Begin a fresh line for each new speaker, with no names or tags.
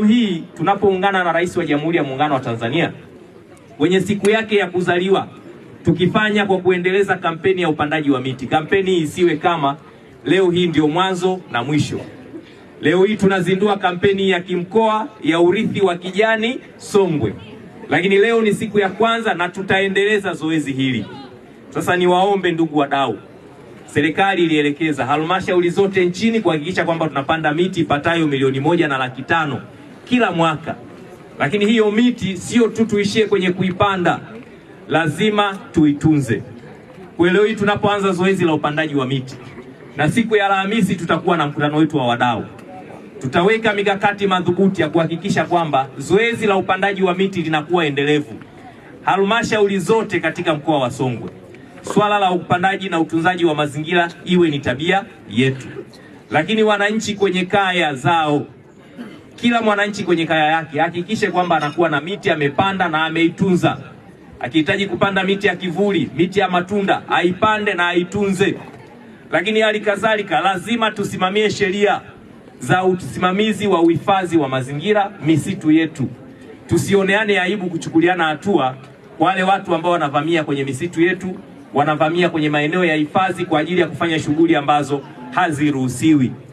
leo hii tunapoungana na Rais wa Jamhuri ya Muungano wa Tanzania kwenye siku yake ya kuzaliwa, tukifanya kwa kuendeleza kampeni ya upandaji wa miti. Kampeni hii isiwe kama leo hii ndio mwanzo na mwisho. Leo hii tunazindua kampeni ya kimkoa ya urithi wa kijani Songwe, lakini leo ni siku ya kwanza na tutaendeleza zoezi hili. Sasa niwaombe ndugu wadau, serikali ilielekeza halmashauri zote nchini kuhakikisha kwamba tunapanda miti ipatayo milioni moja na laki tano kila mwaka. Lakini hiyo miti sio tu tuishie kwenye kuipanda, lazima tuitunze. Kwa leo hii tunapoanza zoezi la upandaji wa miti, na siku ya Alhamisi tutakuwa na mkutano wetu wa wadau, tutaweka mikakati madhubuti ya kuhakikisha kwamba zoezi la upandaji wa miti linakuwa endelevu halmashauri zote katika mkoa wa Songwe. Swala la upandaji na utunzaji wa mazingira iwe ni tabia yetu, lakini wananchi kwenye kaya zao kila mwananchi kwenye kaya yake hakikishe kwamba anakuwa na miti amepanda na ameitunza. Akihitaji kupanda miti ya kivuli, miti ya matunda, aipande na aitunze. Lakini hali kadhalika, lazima tusimamie sheria za usimamizi wa uhifadhi wa mazingira, misitu yetu. Tusioneane aibu kuchukuliana hatua wale watu ambao wanavamia kwenye misitu yetu, wanavamia kwenye maeneo ya hifadhi kwa ajili ya kufanya shughuli ambazo haziruhusiwi.